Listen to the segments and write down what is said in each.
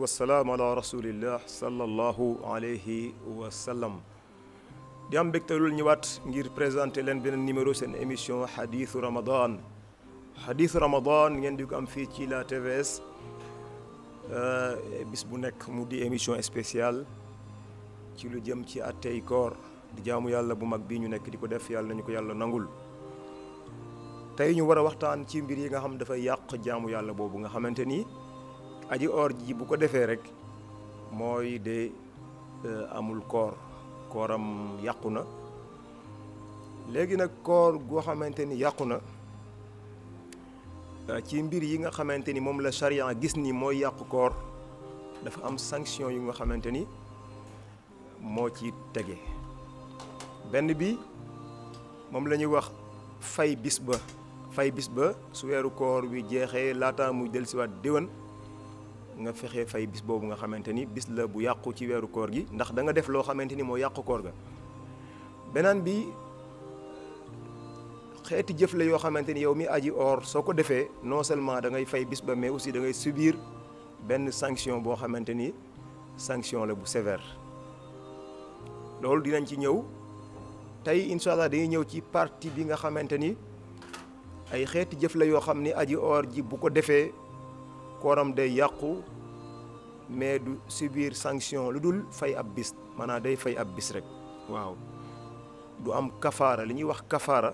wassalaam ala rasulillah sallallahu alayhi wa sallam di am mbégtalul ñëwaat ngir présenté leen beneen numéro seen émission xadiisu ramadan xadiisu ramadan ngeen di ko am fii ci la TVS bis bu nekk mu di émission spéciale ci lu jëm ci attey koor di jaamu yàlla bu mag bii ñu nekk di ko def yàlla nañu ko yàlla nangul tey ñu war a waxtaan ci mbir yi nga xam dafay yàq jaamu yàlla boobu nga xamante ni aji or ji bu ko defé rek de euh, amul koor koram yakuna, na nak koor go xamanteni yakuna euh, ci mbir yi nga xamanteni ni la sharia gis ni moy yak koor dafa am sanction yi nga xamanteni ni ci tege benn bi mom lañuy wax fay bisba fay bisba su wéru koor wi mu del ci wat nga fexé fay bis bobu nga xamanteni bis la bu yaqku ci wéru koor gi ndax da nga def lo xamanteni mo yaqku koor ga benen bi xéti jëf la yo xamanteni yow mi aji or soko défé non seulement da ngay fay bis ba mais aussi da ngay subir ben sanction bo xamanteni sanction la bu sévère lolou dinañ ci ñëw tay inshallah allah dañuy ñëw ci partie bi nga xamanteni ay xéti jëf la yo xamni aji or ji bu ko défé kooram day yàqu mais du subir sanction lu dul fay ab bis maanaam day fay ab bis rek waaw du am kafaara li ñuy wax kafaara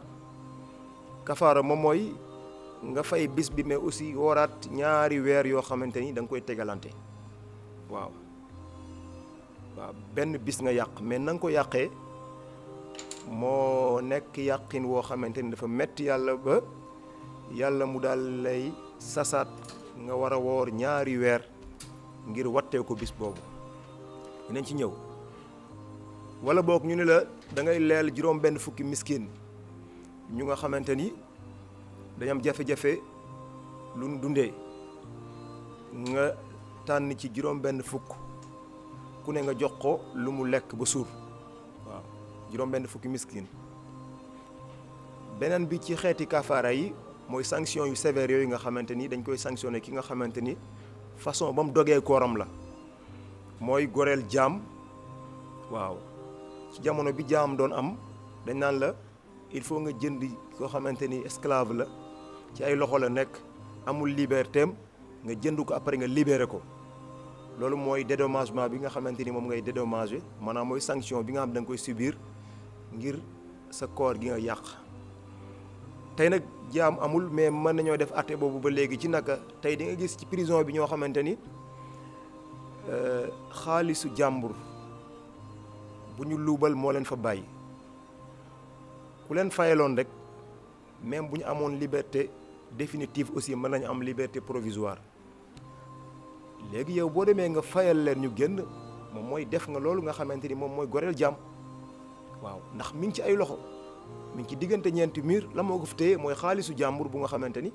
kafaara moom mooy nga fay bis bi mais aussi woraat ñaari weer yoo xamante ni da koy tegalante waaw benn bis nga yàq mais nanga ko yàqee moo nekk yàqin woo xamante ni dafa metti yàlla ba yàlla mu daal lay sasaat nga war a woor ñaari weer ngir wattee ko bis boobu dinañ ci ñëw wala boog ñu ne la da ngay leel juróom benn fukki miskin ñu nga xamante ni dañ am jafe-jafe lu nu dundee nga tànn ci juróom benn fukk ku ne nga jox ko lu mu lekk ba suur waaw juróom benn fukki miskin beneen bi ci xeeti kafaara yi mooy sanction yu sévères yooyu nga xamante ni dañ koy sanctionné ki nga xamante ni façon ba mu dogee kooram la mooy goreel jaam waaw ci jamono bi jaam doon am dañ naan la il faut nga jënd koo xamante ni esclave la ci ay loxo la nekk amul liberté nga jënd ko après nga libéré ko loolu mooy dédomagement bi nga xamante ni moom ngay dédommagé maanaam mooy sanction bi nga xam da nga koy subir ngir sa koor gi nga yàq tey nag jaam amul mais mën nañu def àtte bobu ba légui ci naka tay di nga gis ci prison bi ñoo xamanteni euh khalisu jambour buñu ñu luubal moo leen fa bàyyi ku leen fayaloon rek même buñu amone liberté définitive aussi mën nañu am liberté provisoire légui yow bo demee nga fayal leen ñu genn mom moy def nga lolu nga xamanteni mom moy mooy jam waaw ndax mi ngi ci ay loxo. mi ngi ci diggante ñeenti mir la moo ko fi téye mooy xaalisu jàmbur bu nga xamante ni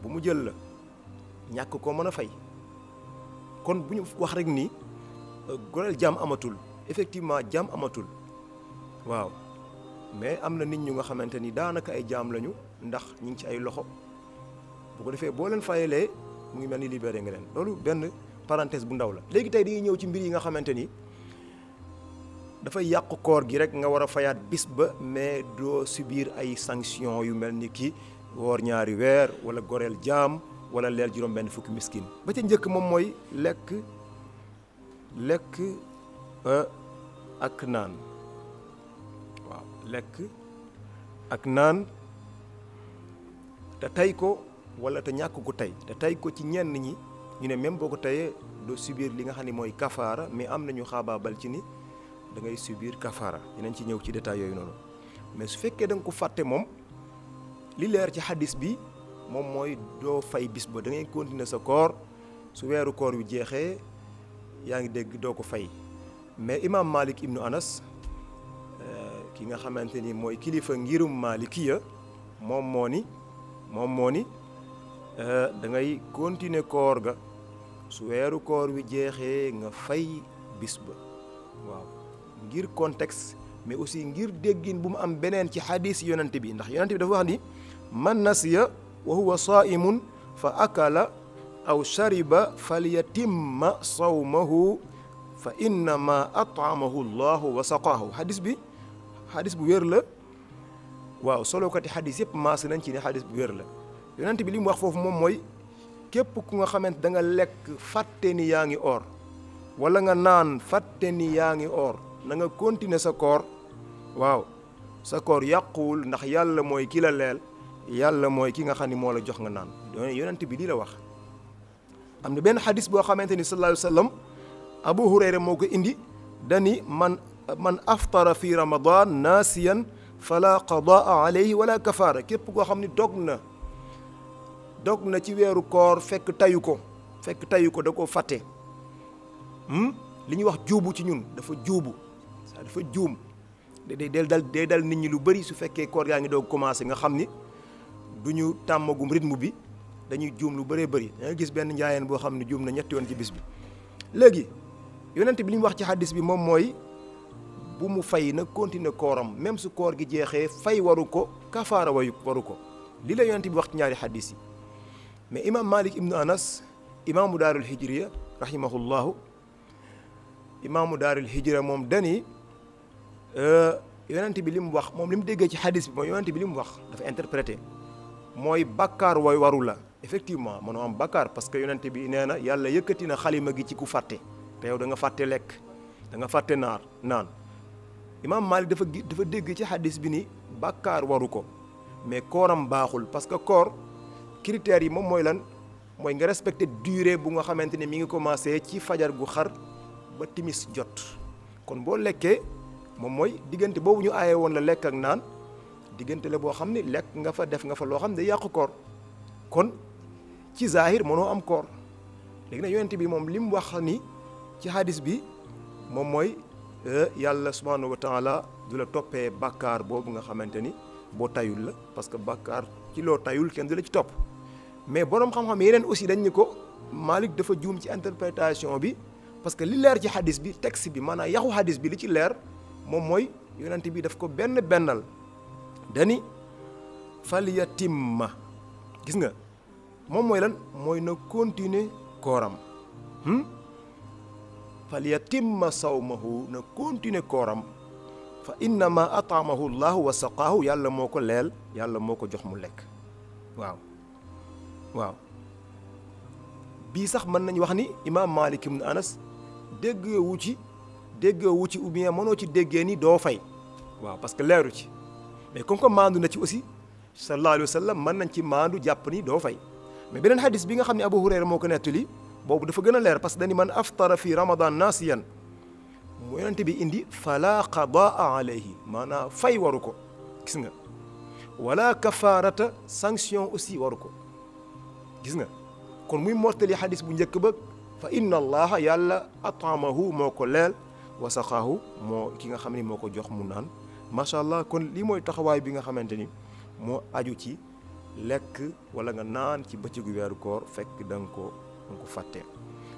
bu mu jël la ñàkk koo fay kon bu ñu wax rek ni goreel jam amatul effectivement jam amatul waaw mais amna na nit ñu nga xamante ni daanaka ay jaam lañu ndax ñu ngi ci ay loxo bu ko defee boo leen fayalee mu ngi mel ni libéré nga leen loolu parenthèse bu ndaw la. léegi tey dañuy ci mbir yi nga ni. dafay yàq koor gi rek nga war a fayaat bis ba mais doo subir ay sanctions yu mel ni ki woor ñaari weer wala goreel jaam wala leel juróom benn fukki miskin ba ca njëkk moom mooy lekk lekk euh, ak naan waaw lekk ak naan te tey ko wala te ñàkk ko tey te tey ko ci ñenn ñi ñu ne même boo ko teyee doo subir li nga xam ne mooy kafaara mais am nañu xaabaabal ci ni da ngay subir kafaara dinañ ci ñëw ci détail yooyu noonu mais su fekkee danga ko fàtte moom li leer ci xadis bi moom mooy doo fay bis ba da ngay continuer sa koor su weeru koor wi jeexee yaa ngi dégg doo ko fay mais imaam Malik ibnu Anas euh, ki nga xamante ni mooy kilifa ngirum Malikiya moom moo ni moom moo ni euh, da ngay continuer koor ga su weeru koor wi jeexee nga fay bis ba waaw ngir contexte mais aussi ngir déggin bu mu am benen ci hadis yonante bi ndax yonante bi dafa wax ni man nasiya wa huwa sa'imun fa akala aw shariba falyatimma sawmahu fa inna ma at'amahu Allah wa saqahu hadis bi hadis bu wër la waaw solo ko ti hadis yépp nañ ci ni hadis bu wër la yonante bi li wax fofu mom moy képp ku nga xamant da nga lek ni or wala nga naan fàtte ni or na nga continuer sa koor waaw sa koor yàquwul ndax yàlla mooy ki la leel yàlla mooy ki nga xam ni moo la jox nga naan yonent bi di la wax am na benn xadis boo xamante ni sa alayhi wa sallam abu hurayra indi dani man man aftara fi ramadan naasiyan fala qadaa alayhi wala kafaara képp koo xam ni dog na dog na ci weeru koor fekk tayu ko fekk tayu ko da koo fàtte hmm? li ñuy wax juubu ci ñun dafa juubu dafa joom day day dal day dal nit ñi lu bari su fekkee koor gaa ngi doog commencé nga xam ni mubi, tàmmagum rythme bi dañuy joom lu bëree bëri da nga gis benn njaayeen boo xam ne juum na ñetti yoon ci bis bi. léegi yonent bi li ñu wax ci xaddis bi moom mooy bu mu fay nag continue kooram même su koor gi jeexee fay waru ko kafaara wayu waru ko li la yonent bi wax ci ñaari yi mais imam Malik ibnu Anas Imam daarul hijriya rahimahullahu Imam daarul Hijrah, moom dani Euh, yonent bi li mu wax moom li mu déggee ci xadis bi mooy yonent bi li mu wax dafa interprété mooy bakkaar way waru la effectivement mënoo am bakkaar parce que yonent bi nee na yëkkati na xalima gi ci ku fàtte te yow da nga fàtte lekk da fàtte naar naan imaam Maalik dafa dafa dégg ci xadis bi ni bakkaar waru ko mais kooram baaxul parce que koor critères yi moom mooy lan mooy nga respecté durée bu nga xamante ne mi ngi commencé ci fajar gu xar ba timis jot kon boo lekkee moom mooy diggante boobu ñu aaye woon la lekk ak naan diggante la boo xam ni lekk nga fa def nga fa loo xam ne day yàq koor kon ci zahir mënoo am koor léegi nag yonent bi moom li mu wax ni ci hadis bi moom mooy yàlla subhanahu wa taala du la toppee bàkkaar boobu nga xamante ni boo tayul la parce que bàkkaar ci loo tayul kenn du la ci topp mais borom xam-xam yeneen aussi dañ ni ko Malik dafa juum ci interprétation bi parce que li leer ci hadis bi texte bi maanaam yaxu hadis bi li ci leer moom mooy yonent bii daf ko benn bennal dani falyatimma gis nga moom mooy lan mooy na continuer kooram hmm? falyatimma sawmahu na continuer kooram fa innama ataamahu llahu wa saqaahu yàlla moo ko leel yàlla moo ko jox mu lekk waaw waaw bii sax mën nañ wax ni imaam Maalik ibn Anas déggewu ci déggé wu ci ou bien mënoo ci déggé ni do fay waaw parce que léru ci mais comme ko mandu na ci aussi sallallahu alayhi wasallam man mën nañ ci mandu jàpp ni do fay mais benen hadith bi nga xamni Abu Hurayra moko ko bobu dafa gëna a leer parce que dani man aftara fi ramadan nasiyan mo yonenti bi indi fala qadaa alayhi mana fay waruko gis nga wala kafaarata sanction aussi waruko gis nga kon muy mottali hadith bu njëkk ba fa inna allaha yàlla atamahu moko lèl saqahu mo ki nga xamni moko ko jox mu naan macha allah kon li moy taxaway bi nga xamanteni mo aju ci lek wala nga nan ci gu wer koor fekk dang ko dang ko fatte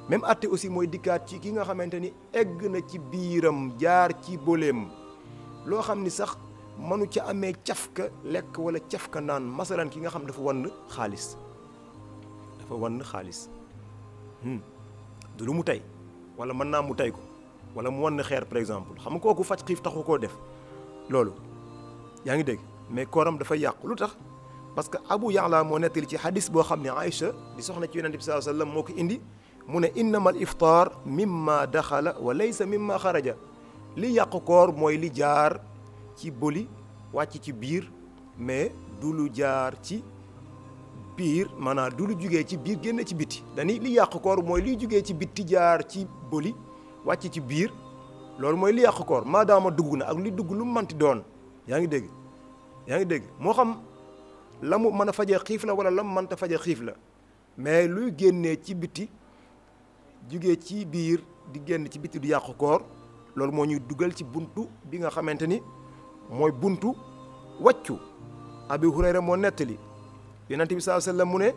même atté aussi moy dikkat ci ki nga xamanteni egg na ci biram jaar ci bolem lo xamni sax manu ci amé tiafka lek wala cafka masalan ki nga xam dafa wann khalis dafa khalis hmm du lu mu tay wala man na mu tay ko wala mu na xeer par exemple xam nga kooku faj xiif taxu koo def loolu yaa ngi dégg mais kooram dafay yàqu lu tax parce que Abu Ya'la moo nettali ci xadis boo xam ne Aïcha di soxla ci yonent bi sallallahu alayhi wasallam moo ko indi mu ne innama al iftaar mimma daxala wa laysa mimma xaraja li yàqu koor mooy li jaar ci bëli wàcc ci biir mais du lu jaar ci biir maanaam du lu jugee ci biir génn ci bitti dañuy li yàq koor mooy liy jugee ci bitti jaar ci bëli wàcc ci biir loolu mooy li yàq koor maadaama dugg na ak li dugg lu manti mënti doon yaa ngi dégg yaa ngi dégg moo xam la mu mën a fajee xiif la wala la mu mënta fajee xiif la mais luy génnee ci biti jugee ci biir di génn ci biti du yàq koor loolu moo ñuy dugal ci buntu bi nga xamante ni mooy buntu wàccu abi hurayra moo nettali yonent bi saa sallam mu ne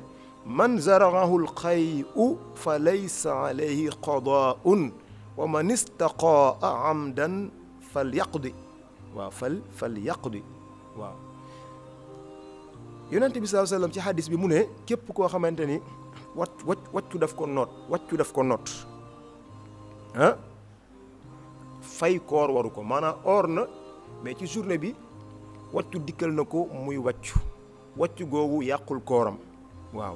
man zaraahu lxayu fa laysa alayhi qadaun ومن استقاء عمدا فليقضي waaw fal fal yaqdi waaw yonent bi sallallahu alayhi wasallam ci xadis bi mu ne képp koo xamante ni wac wac waccu daf ko noot waccu daf ko noot ah fay koor waru ko maanaam or na mais ci journée bi waccu dikkal na ko muy waccu waccu googu yàqul kooram waaw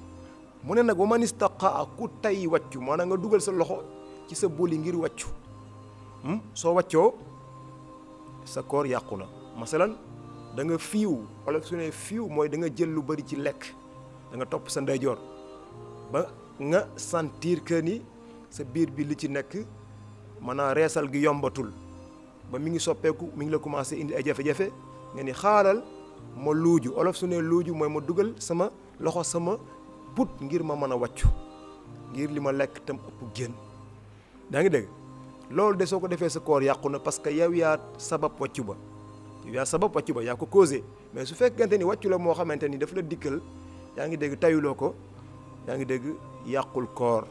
mu ne nag wa man istaqaa ku tay waccu maanaam nga dugal sa loxo ci sa boli ngir waccu hmm? so waccoo sa koor yaquna masalan da nga fiiw wala su ne fiiw mooy da nga jël lu bari ci lek da nga top sa ndeyjoor ba nga sentir que ni sa bir bi li ci nek mana resal gi yombatul ba mi ngi soppeku mi ngi la commencer indi ay jafé jafé nga ni xaaral ma luju olof su ne ma sama loxo sama put ngir ma mën waccu ngir lima lek tam upp daa ngi dégg loolu de soo ko defee sa koor yàqu na parce que yow yaa sabab wàccu ba yow yaa sabab wàccu yaa ko causé mais su fekkente ni wàccu la moo xamante ni daf la dikkal yaa ngi dégg tayuloo ko yaa ngi dégg yàqul koor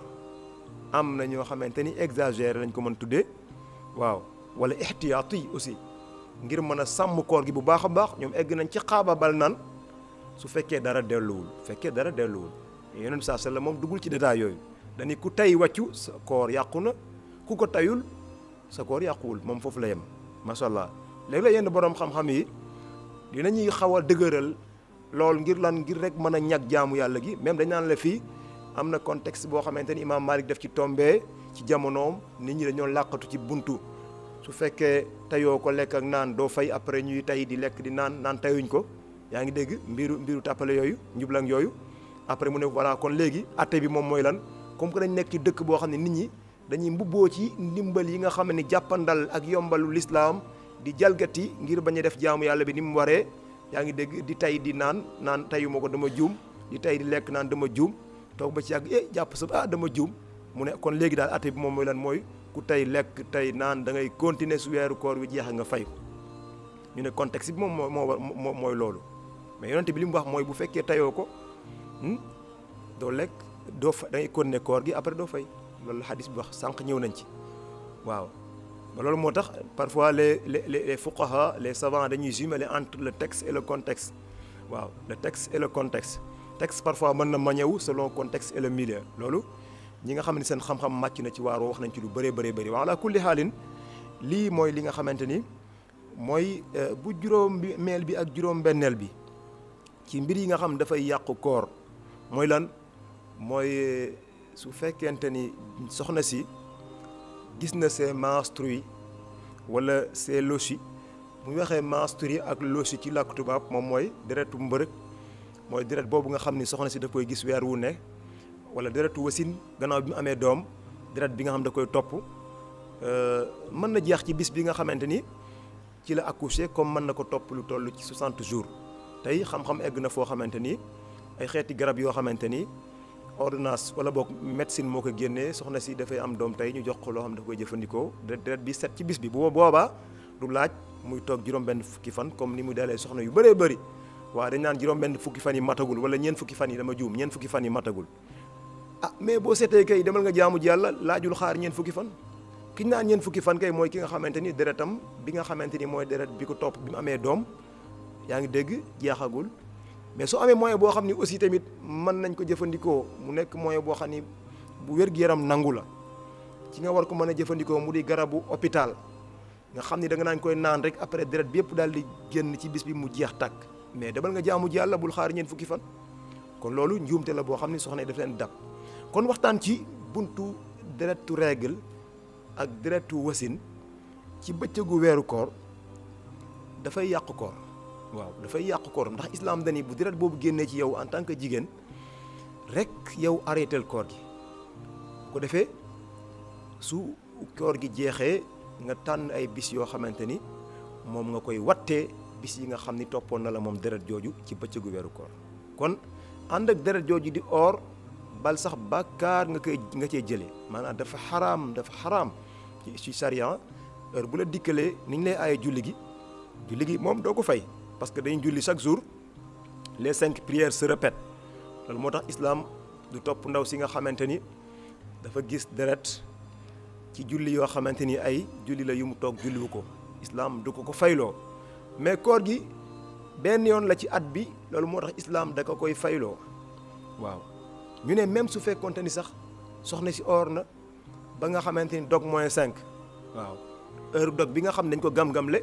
am na ñoo xamante ni exagéré lañ ko mën tuddee waaw wala ixtiyaat yi aussi ngir mën a sàmm koor gi bu baax a baax ñoom egg nañ ci xaababal naan su fekkee dara delluwul fekkee dara delluwul yonent bi saa sallam moom duggul ci détail yooyu dañi ku tay wàccu sa koor yàqu na ku ko tayul sa koor yàquwul moom foofu la yem macha allah léeg-léeg yenn borom xam-xam yi dinañuy xaw a dëgëral lool ngir lan ngir rek mën a ñàkk jaamu yàlla gi même dañ naan la fii am na contexte boo xamante ni imaam Malik daf ci tombé ci jamonoom nit ñi dañoo làqatu ci buntu su fekkee tayoo ko lekk ak naan doo fay après ñuy tay di lekk di naan naan tayuñ ko yaa ngi dégg mbiru mbiru tàppale yooyu njublang yooyu après mu ne voilà kon léegi atte bi moom mooy lan comme que dañ nekk ci dëkk bo xamni nit ñi dañuy mbubbo ci ndimbal yi nga xamni jappandal ak yombalu l'islam di jalgati ngir baña def jaamu yalla bi nim waré waree yaa dégg di tay di naan naan tayuma ko dama joom di tay di lek naan dama joom tok ba ci yag eh japp sa ah dama joom mu ne kon légui dal até bi mom moy lan moy ku tay lek tay naan da ngay continuer su wéru koor wi jeex nga fay ñu ne contexte bi mom mo mo moy lolu mais yonent bi li wax moy bu fekkee tayoko hmm do lek doo fa da ngay continuer koor gi après doo fay loolu la bi wax sànq ñëw nañ ci waaw ba loolu moo tax parfois les les les fuqaha les savants dañuy jumeler entre le texte et le contexte waaw le texte et le contexte texte parfois mën na mañewu selon contexte et le milieu loolu ñi nga xam ne seen xam-xam màcc na ci waaroo wax nañ ci lu bëree bëree bëri waaw la kulli xaalin lii mooy li nga xamante ni mooy euh, bu juróom mail bi ak juróom benneel bi ci mbir yi nga xam dafay yàqu koor mooy lan mooy su fekkente ni soxna si gis na ses yi wala see lochi mu ñu waxee menstrues ak lochi ci làkku tubaab moom mooy deretu mbërëg mooy deret boobu nga xam ni soxna si daf koy gis weer wu ne wala deretu wasin gannaaw bi mu amee doom deret bi nga xam da koy topp euh, mën na jeex ci bis bi nga xamante ni ci la accoucher comme mën na ko topp lu toll ci 60 jours tey xam-xam egg na foo xamante ni ay xeeti garab yoo xamante ni. ordonnance wala bok médecine moko ko génnee soxna si fay am dom tay ñu jox ko lo xam da koy jëfëndiko deret bi set ci bis bi bu boba du laaj muy tok juroom benn fukki fan comme ni mu dalé soxna yu bëré bëri wa dañ nan juroom benn fukki fan yi matagul wala ñeen fukki fan yi dama joom ñeen fukki fan yi matagul ah mais bo sété kay demal nga jaamu yalla laajul xaar ñeen fukki fan ki naan ñeen fukki fan kay moy ki nga xamanteni deretam bi nga xamanteni moy deret bi ko top bi mu amee dégg jéxagul mais so amé moyen bo xamni ni aussi tamit man nañ ko jëfëndiko mu nekk moyen bo xamni bu wër gi yaram nangula ci nga war ko mëna jëfëndiko mu di garabu hôpital nga xamni ni da nga nañ koy naan rek après deret bi yëpp daal di génn ci bis bi mu jeex tak mais débal nga jaamu ji yàlla bul xaar ñeen fukki fan kon lolu la bo xamni soxna def leen dab kon waxtaan ci buntu tu règle ak tu wasin ci bëccëgu wëru koor fay yaq koor waaw dafay yàq koor ndax islam dani bu deret boobu génnee ci yow en tant que jigéen rek yow arrêtel koor gi ko defee su koor gi jeexee nga tànn ay bis yoo xamante ni moom nga koy wattee bis yi nga xam ni toppoon na la moom deret jooju ci bëccëgu weeru koor kon ànd ak deret jooju di or bal sax bakar nga koy nga cee jëlee maanaam dafa xaraam dafa xaraam ci ci sariya heure bu la dikkalee ni ñu lay aaye julli gi julli gi moom doo fay parce que dañuy julli chaque jour les cinq prières se répètent lolu motax islam du top ndaw si nga xamanteni dafa gis deret ci julli yo xamanteni ay julli la yu tok julli julliwu islam du ko ko faylo mais koor gi ben yon la ci at bi lolu motax islam da ko koy faylo waaw ñu né même su fekkonte ni sax soxna si or na ba nga xamanteni dog moins cinq waaw heure dog bi nga xam dañ ko gam le.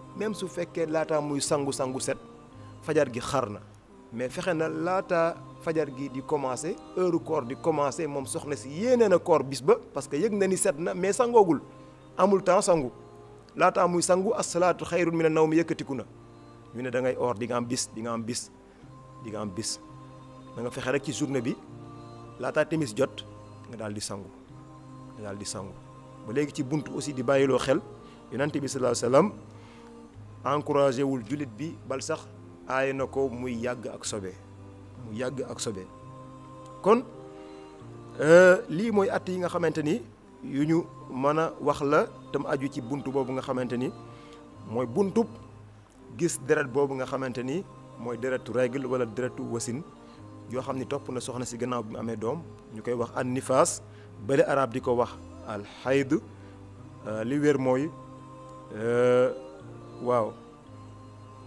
même su fekke lata muy sangu sangu set fajar gi xarna mais fexe na fajar gi di commencer heure koor di commencer mom soxna pas ke na koor bis ba parce que na ni set na mais sangogul amul temps sangu lata muy sangu khairun xayrun mina nawmi yëkkatiku na ñu ne da ngay or di nga am bis di nga am bis di nga am bis da nga fexé rek ci journée bi lata timis jot nga dal di sangu nga di sangu ba ci buntu aussi di bayilo xel yonnati bi sallallahu alayhi wasallam encouragé wul jullit bi bal sax aay na ko muy yàgg ak sobe mu yàgg ak sobe kon euh, lii mooy at yi nga xamante ni yu ñu mën a wax la tam aju ci bunt boobu nga xamante ni mooy buntub gis deret boobu nga xamante ni mooy deretu règle wala deretu wasin yoo xam ni topp na soxna si gannaaw bi mu amee doom ñu koy wax an nifaas bële arab di ko wax alxayd euh, li wér mooy euh, waaw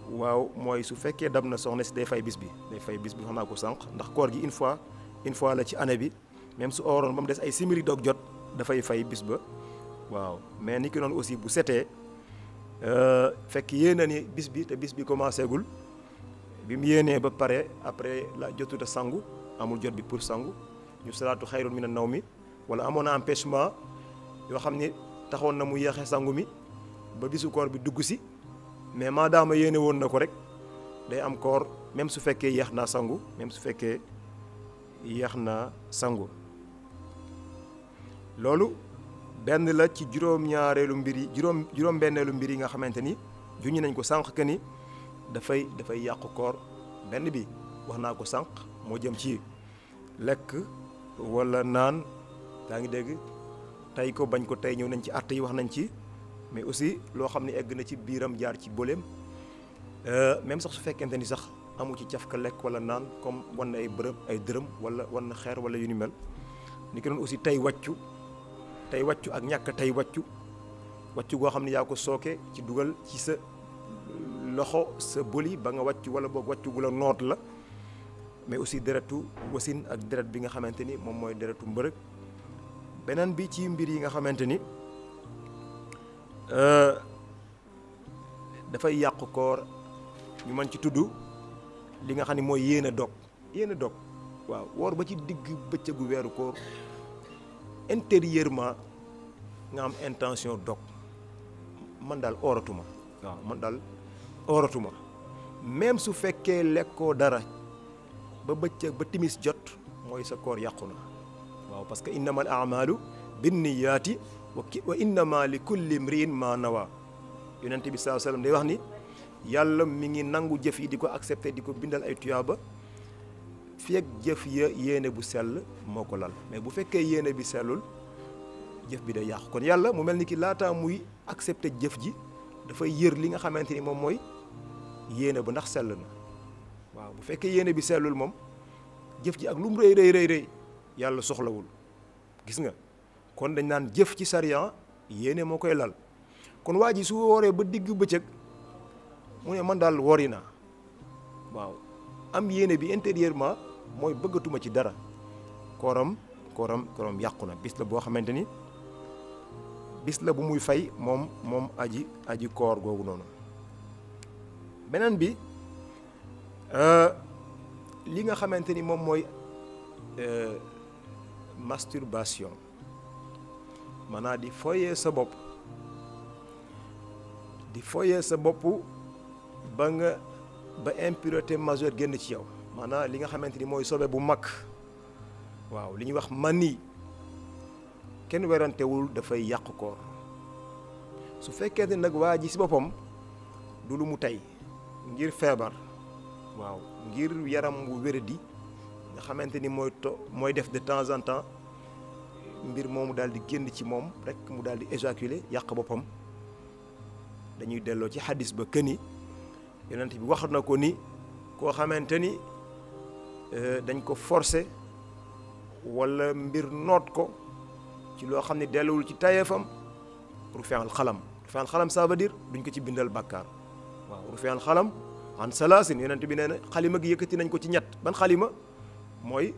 waaw mooy su fekkee dab na soxna si fay bis bi day fay bis bi ndax koor une fois une fois la ci année bi même su ooroon ba fait des ay simili dog jot dafay fay bis ba waaw mais ni ki aussi bu setee euh, fekk ni bis bi te bis bi commencé gul bi mu ba après la jotut a sangu amul jot bi pour sangu ñu salaatu xayrun mi wala amoon empêchement yoo xam ni na mu yéexee sangu mi ba koor bi dugg mais maadaama yéene woon na ko rek day am koor même su fekkee yeex naa sangu même su fekkee yéex naa sangu loolu benn la ci juróom-ñaareelu mbir yi juróom juróom-benneelu mbir yi nga xamante ni juñu nañ ko sànq que ni dafay dafay yàqu koor benn bi wax naa ko sànq moo jëm ci lekk wala naan daa ngi dégg tey ko bañ ko tey ñëw nañ ci àtt yi wax nañ ci. mais aussi loo xam ne egg na ci biiram jaar ci bëleem euh, même sax su fekkente ni sax amu ci caf ka lekk wala naan comme wan na ay bërëb ay dërëm wala wan na xeer wala yu ni mel ni ki noonu aussi tey wàccu tey wàccu ak ñàkk tey waccu wàccu goo xam ne yaa ko sooke ci dugal ci sa loxo sa bëli ba nga wàccu wala boog wàccu gu la noot la mais aussi deretu wasin ak deret bi nga xamante ni moom mooy deretu mbërëg beneen bi ci mbir yi nga xamante ni Euh, dafay yàqu koor ñu mën ci tudd li nga xam ne mooy yéen a dog yéen a dog waaw woor ba ci digg bëccëgu weeru koor intérieurment nga am intention dog man daal ooratuma waaw man daal ooratuma même su fekkee lekkoo dara ba bëccëg ba timis jot mooy sa koor yàqu na waaw parce que innamal amalu binniyaati wa innama li kulli mriin ma nawa yonent bi sallallahu alayhi wa sallam day wax ni yàlla mi ngi nangu jëf yi di ko accepté di ko bindal ay tuyaaba feeg jëf ya yéene bu sell moo ko lal mais bu fekkee yéene bi sellul jëf bi day yàqu kon yàlla mu mel ni ki laataa muy accepté jëf ji dafay yër li nga xamante ni moom mooy yéene ba ndax sell na waaw bu fekkee yéene bi sellul moom jëf ji ak lu mu rëy rëy rëy yàlla soxlawul gis nga kon dañ naan jëf ci sarian yéene moo koy lal kon waa ji su wooree ba digg bëccëg mu ne man daal wori na waaw am yéene bi intérieurement mooy bëggatuma ci dara kooram kooram kooram yàqu na bis la boo xamante ni bis la bu muy fay moom moom aji aji koor googu noonu beneen bi euh, li nga xamante ni moom mooy euh, masturbation maanaam di foyee sa bopp di foyee sa bopp ba nga ba impureté majeure génn ci yow maanaam li nga xamante ni mooy sobe bu mag waaw li ñuy wax man mani kenn werantewul dafay yàq koor su fekkee ne nag waa ji si boppam du lu mu tey ngir feebar waaw ngir yaram wu wéradi nga xamante ni mooy to mooy def de temps en temps mbir moomu daal di génn ci moom rek mu daal di éjaculer yàq boppam dañuy delloo ci xadis ba këni yonent bi wax na ko ni koo xamante ni euh, dañ ko forcé wala mbir noot ko ci loo xam ne delluwul ci tayeefam rufeal xalam rufeal xalam ça veut dire duñ ko ci bindal bàkkaar waaw rufeal xalam an salaasin yonent bi nee na xalima gi yëkkati nañ ko ci ñett ban xalima mooy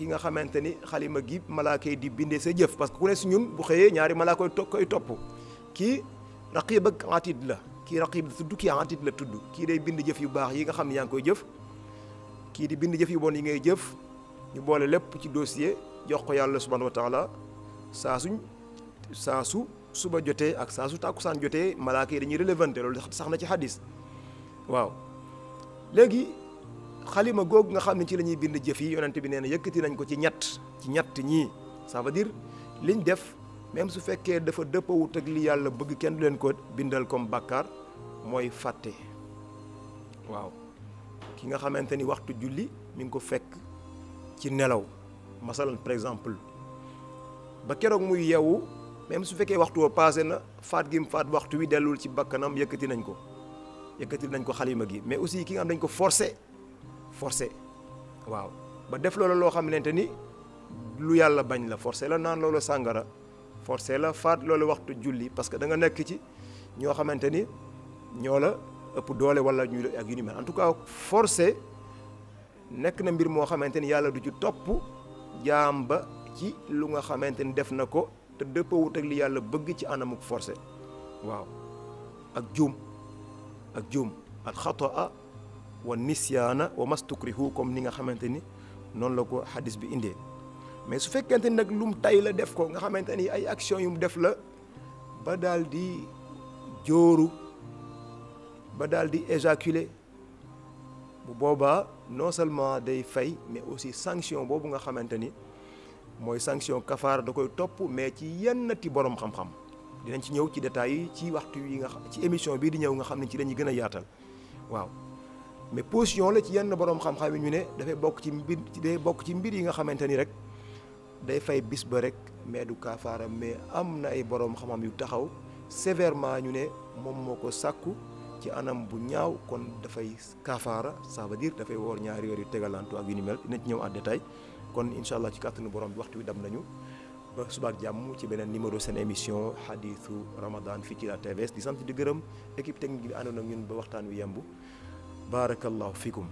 ki nga xamante ni xalima gi malaaka yi di bindee sa jëf parce que ku ne si ñun bu xëyee ñaari malaaka koy koy topp kii raqib ak atid la kii raqib la tudd kii atid la tudd kii day bind jëf yu baax yi nga xam ne yaa ngi koy jëf kii di bind jëf yu bon yi ngay jëf ñu boole lépp ci dossier jox ko yàlla subhanahu wa taala saa suñ saa su suba jotee ak saa su tàkkusaan jotee malaaka yi dañuy relevante loolu sax na ci xadis waaw léegi khalima gog nga xamni ci lañuy bind jëf yi yonent bi neena yëkëti nañ ko ci ñatt ci ñatt ñi ça veut dire liñ def même su fekkee dafa dëppawut ak li yàlla bëgg kenn du leen ko bindal comme bakkar mooy fàtte waaw ki nga xamante ni waxtu julli mi ngi ko fekk ci nelaw masalan par exemple ba keroog muy yewu même su fekkee waxtu wa passé na faat gi mu faat waxtu wi dellul ci bakkanam yëkkati nañ ko yëkkati nañ ko xalima gi mais aussi ki nga xam dañ ko forcer forcé waaw ba def loola loo xamante ni lu yàlla bañ la forcé la naan loolu sàngara forcé la faat loolu waxtu julli parce que da nga nekk ci ñoo xamante ni ñoo la ëpp doole wala ñu ak yu ni mel en tout cas forcé nekk na mbir moo xamante ni yàlla du ju topp jaam ba ci lu nga xamante ni def na ko te dëppawut ak li yàlla bëgg ci anamuk forcé waaw ak juum ak juum ak xataa wa nisyaana wa mastukrihu comme ni nga xamante ni noonu la ko xadis bi indee mais su fekkente ni nag lu mu tay la def ko nga xamante ni ay action yu def la ba daal di jóoru ba daal di éjaculer bu boobaa non seulement day fay mais aussi sanction boobu nga xamante ni mooy sanction kafaara da koy topp mais ci yennati borom xam-xam dinañ ci ñëw ci détails yi ci waxtu yi nga xam ci émission bii di ñëw nga xam ne ci dañuy gën a yaatal waaw mais position la ci yenn borom xam-xam yi ñu ne dafay bokk ci mbir day bokk ci mbir yi nga xamante ni rek day fay bis ba rek mais du kaafaara mais am na ay borom xam-xam yu taxaw sévèrement ñu ne moom moo ko sàkku ci anam bu ñaaw kon dafay kaafaara ça veut dire dafay woor ñaari weer yu tegalantu ak yu ni mel ci ñëw en détail kon incha allah ci kàttanu borom bi waxtu wi dam nañu ba subaak jàmm ci beneen numéro seen émission xadiisu Ramadan fii ci la TVS di sant di gërëm équipe technique bi àndoon ak ñun ba waxtaan wi yemb بارك الله فيكم